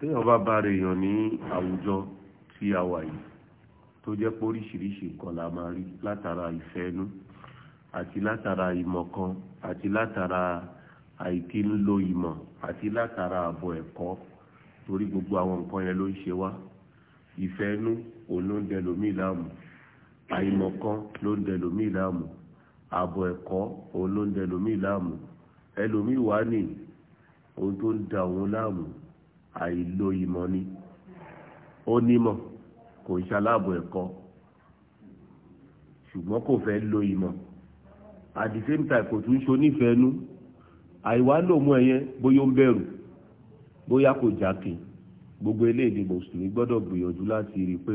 téèyàn bá bá rẹ̀ èèyàn ní àwùjọ tí a wà yìí tó jẹ́ pé oríṣiríṣi nǹkan la máa rí látara ìfẹ́nu àti látara ìmọ̀kan àti látara àìkí ń lo ìmọ̀ àti látara àbọ̀ ẹ̀kọ́ torí gbogbo àwọn nǹkan yẹn ló ń ṣe wá ìfẹ́nu òun ló ń dẹlòmíì láàmú àìmọ̀kan ló ń dẹlòmíì láàmú àbọ̀ ẹ̀kọ́ òun ló ń dẹlòmíì láàmú ẹlòmíì wá ní ohun tó ń da òun láàmú àìlò ìmọ̀ ni ó nímọ̀ kò ń ṣaláàbò ẹ̀kọ́ ṣùgbọ́n kò fẹ́ lo ìmọ̀ at the same time kò tún ṣonífẹ̀ẹ́ nú àìwá lò mú bóyá ó ń bẹ̀rù bóyá kò jákè gbogbo eléyìí ni mùsùlùmí gbọ́dọ̀ gbìyànjú láti rí i pé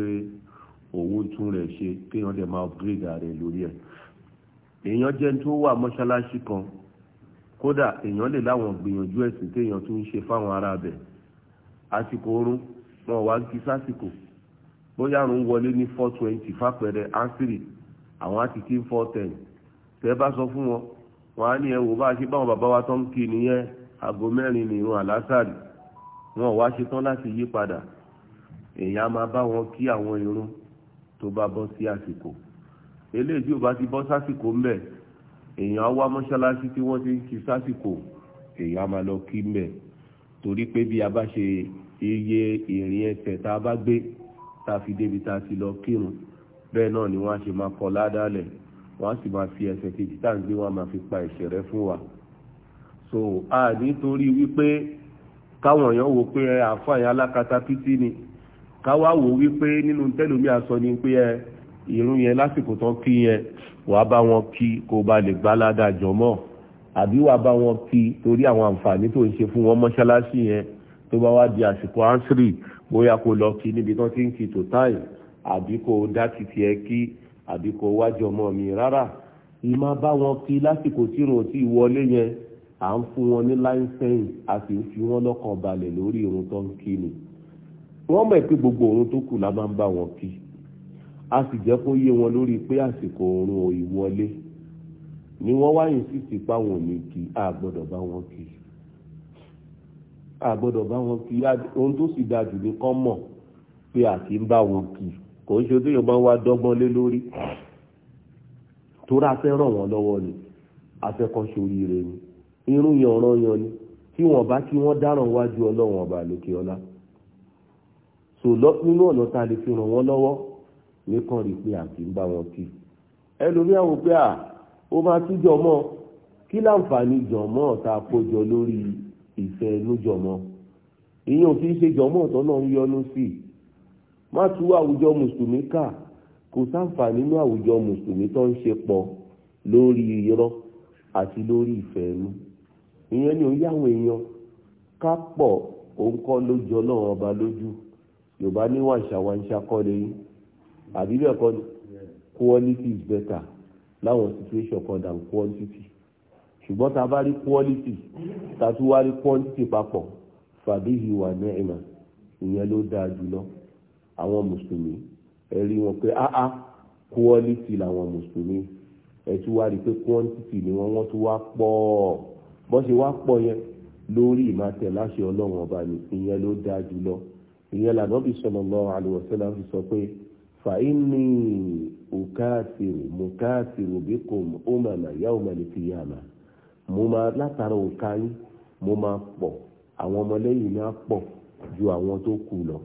òun tún rẹ̀ ṣe kéèyàn dẹ̀ máa upgrade rẹ̀ lórí ẹ̀ èèyàn jẹ́ tó wà mọ́ṣáláṣí kan kódà èèyàn lè láwọn gbìyànjú ẹ̀sìn téèyàn tún ń ṣe fáwọn ará bẹ̀ẹ́ àsìkò oorun wọn wá kí sásìkò bóyá àrùn wọlé ní four twenty fàpẹrẹ ansiri àwọn àti kí four ten tẹ bá sọ fún wọn wọn á ní ẹ wò bá a ṣe báwọn bàbá wa tó ń kí nìyẹn aago mẹ́rin ní irun àlásàrì wọn wá ṣetán láti yí padà èèyàn á máa bá wọn kí àwọn irun tó bá bọ́ sí àsìkò eléyìí ò bá ti bọ́ sásìkò ńbẹ̀ èèyàn á wá mọ́ṣáláṣí tí wọ́n ti ń kí sásìkò èèyàn máa lọ kí ńbẹ̀ torí pé bí a bá ṣe iye ìrìn ẹsẹ̀ tá a bá gbé tá a fi débi tá a ti lọ kírun bẹ́ẹ̀ náà ni wọ́n á ṣe máa kọ ládàálẹ̀ wọ́n á sì máa fi ẹsẹ̀ kejì tá à ń gbé wọn máa fi pa ẹ̀ṣẹ̀ rẹ fún wa. so a nítorí wípé káwọn èèyàn wo pé àfààní alákatakítí ni káwá wò wípé nínú tẹ́lómi àsọ ni pé ẹ irun yẹn lásìkò tán kí yẹn wàá bá wọn kí kó o bá lè gbá ládàá jọmọ́ àbí wàá bá wọn kí torí àwọn àǹfààní tó ń ṣe fún wọn mọ́ṣáláṣí yẹn tó bá wá di àsìkò ánsírì bóyá kó lọ kí níbi tán ti ń kí tó táì àbí kó dá títí ẹ kí àbí kó wájú ọmọ mi rárá ìmá bá wọn kí lásìkò tí irun ti wọlé yẹn à ń fún wọn ní láńsẹ̀yìn a sì ń fi wọn lọ́kàn balẹ̀ lórí irun tó ń kí ni wọ́n mọ̀ pé gbogbo òun tó kù la máa ń bá wọn kí a sì jẹ́ kó yé wọn lórí pé àsìkò òun ò ìwọlé ni wọ́n wáyé sí ti pa wọn ò ní kí a gbọ́dọ̀ bá wọn kí àgbọ́dọ̀ bá wọn kí ohun tó sì dáa jù ní kán mọ̀ pé àti ń bá wọn kì kò ń ṣe tó yẹn bá wá dọ́gbọ́n lé lórí torí a fẹ́ ràn wọ́n lọ́wọ́ ni a fẹ́ ni irun yẹn ọ̀ràn yẹn ni tí wọ́n bá kí wọ́n dáràn wájú ọlọ́run ọba lókè ọlá so nínú ọ̀nà tá a lè fi ràn wọ́n lọ́wọ́ ní kàn rí pé àti ń bá wọn kì ẹlòmíà wò pé à ó máa tún jọmọ́ kí láǹfààní jọmọ́ tá a kó lórí ìfẹ́ lójọmọ́ ìyẹn ò fi ṣe jọmọ́ ọ̀tọ́ náà ń yọnu sí i má tú àwùjọ mùsùlùmí kà kò sáǹfà nínú àwùjọ mùsùlùmí tó ń ṣe pọ̀ lórí irọ́ àti lórí ìfẹ́ ẹnu ìyẹn ni ó yáwọn èèyàn ká pọ̀ òun lójú ọba lójú yorùbá ní àbí quality is ṣùgbọ́n tá bá rí quality tá tún wá rí quantity papọ̀ fàbíhì wà ni'ma ìyẹn ló dáa jùlọ àwọn mùsùlùmí ẹ rí wọn pé áá ah, ah, quality làwọn mùsùlùmí ẹ tún wá rí pé quantity ni wọ́n wọ́n tún wá pọ̀ bó ṣe wá pọ̀ yẹn lórí ìmọ̀tẹ̀ láṣẹ ọlọ́run ọba ni ìyẹn ló dáa jùlọ ìyẹn l'Ànábì sallallahu alaihi wasallam fi sọ pé fàínì òkàtìrì mùkàtìrì bikum umama yawmal qiyamah mo máa látara òka yín mo máa pọ̀ àwọn ọmọlẹ́yìn mi á pọ̀ ju àwọn tó kù lọ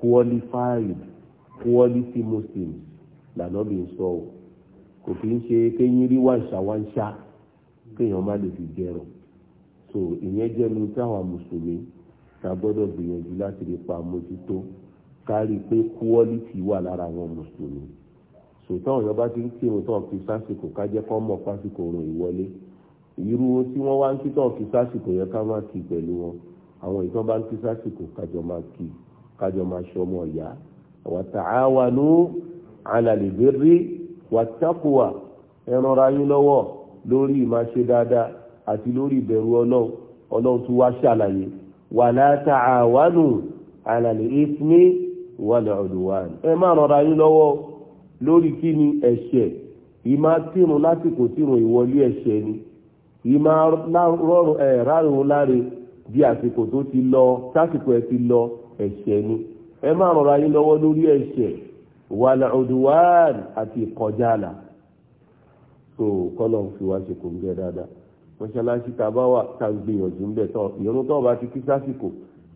qualified quality muslims lànà bí n sọ o kò kí ń ṣe kéyìn rí wàǹṣàwàǹṣà kéèyàn má lè fi jẹrọ so ìyẹn jẹnu táwa mùsùlùmí ta gbọ́dọ̀ gbìyànjú láti lè pa mójútó kárí pé quality wà lára àwọn mùsùlùmí so táwọn èèyàn bá ti ń kírun tó ń fi sásìkò ká jẹ́ kọ́ mọ̀ pásìkò òrùn ìwọlé irú tí wọ́n wá ń kí tán kí sásìkò yẹn ká máa kí pẹ̀lú wọn àwọn ìtàn bá ń kí sásìkò kájọ máa kí kájọ máa ṣe ọmọ ìyá wa ta'awanu 'ala al-birri wat-taqwa ẹ rànra yín lọ́wọ́ lórí ìmáṣe dáadáa àti lórí ìbẹ̀rù ọlọ́run ọlọ́run tún wá ṣàlàyé wa la ta'awanu 'ala al-ithmi wal-'udwan ẹ má rànra yín lọ́wọ́ lórí kí ni ẹ̀ṣẹ̀ ìmá tìrun lásìkò tìrun ìwọlé ẹ̀ṣẹ̀ ni yìí máa rọrùn ẹ̀ rárùn láre bí àsìkò tó ti lọ sásìkò ẹ ti lọ ẹ̀ṣẹ̀ ni ẹ má rọra yín lọ́wọ́ lórí ẹ̀ṣẹ̀ wàlà ọ̀dùwàn àti ìkọjá àlà tó kọ́lọ̀ fi wá ṣe kò ń gẹ dáadáa mọ́ṣáláṣí tá a bá wà tá a gbìyànjú ń bẹ̀ tán ìrún tó bá ti kí sásìkò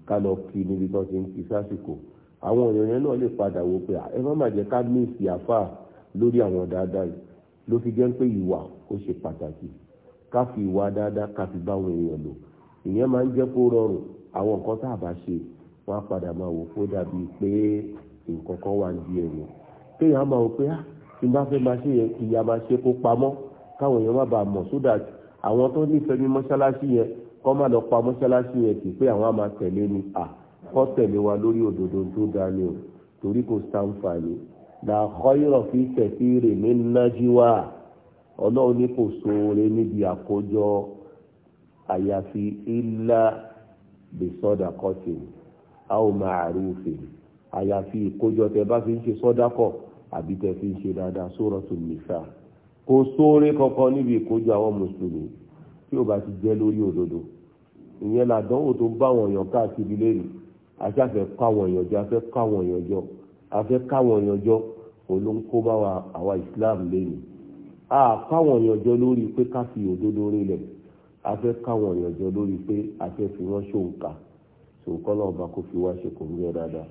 ká lọ kí níbi tó ti ń kí sásìkò àwọn èèyàn náà lè padà wò pé ẹ má má jẹ́ ká mí ìsì àfà lórí àwọn dáadáa ló fi jẹ́ pé ìwà ó ṣe pàtàkì ká fi ìwà dáadáa ká fi bá àwọn èèyàn lò ìyẹn máa ń jẹ́ kó rọrùn àwọn nǹkan tá a bá ṣe wọ́n á padà máa wò kó dàbí pé nǹkan kan wà ní ẹ̀yìn kéèyàn á máa wò pé ah tí n bá fẹ́ máa ṣe yẹn kí ìyá máa ṣe kó pamọ́ káwọn èèyàn má bàa mọ̀ so àwọn tó nífẹ̀ẹ́ ní mọ́ṣáláṣí yẹn kọ́ má lọ pa mọ́ṣáláṣí yẹn kì í pé àwọn á máa tẹ̀lé ni à kọ́ tẹ̀lé wa lórí òdodo tó dáa ni o torí kò sáǹfààní la khayra fi kathiri min najwa ọlọ́run ní kò sóore níbi àkójọ àyàfi ilá bèsọ́dà kọ́tì a ó máa rí òfin àyàfi ìkójọ tẹ bá fi ń ṣe sọ́dà kọ̀ àbí tẹ fi ń ṣe dáadáa sóràtún nìsa kò sóore kankan níbi ìkójọ àwọn mùsùlùmí tí ò bá ti jẹ́ lórí òdodo ìyẹn làdánwò tó ń bá àwọn èèyàn káàkiri lẹ́yìn àti àfẹ́ káwọn èèyàn jọ àfẹ́ káwọn èèyàn jọ àfẹ́ káwọn èèyàn jọ olóńkó bá wa àwa Islam lẹ́yìn a káwọn èèyàn jọ lórí pé ká fi òdodo rinlẹ̀ a fẹ́ káwọn èèyàn jọ lórí pé a fẹ́ fi wọ́n ṣòǹkà ṣòǹkọ́ náà bá kó fi wá ṣe kò ń yẹ dáadáa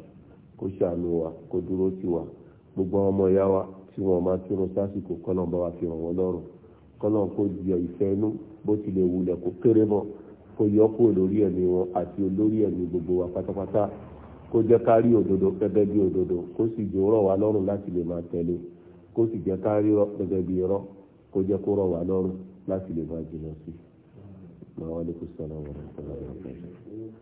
kó ṣàánú wa kó gbogbo àwọn ọmọ ìyá wa tí wọn máa kírun sásìkò kọ́nà bá wa fi ràn wọ́n lọ́rùn kọ́nà kó yọ ìfẹ́ inú bó tilẹ̀ wulẹ̀ kó kéré wa pátápátá kó jẹ́ ká rí òdodo gẹ́gẹ́ bí òdodo kó sì kó sì jẹ́ ká rí gẹ́gẹ́ bí irọ́ kó jẹ́ kó rọ̀ wá láti lè máa jìnnà sí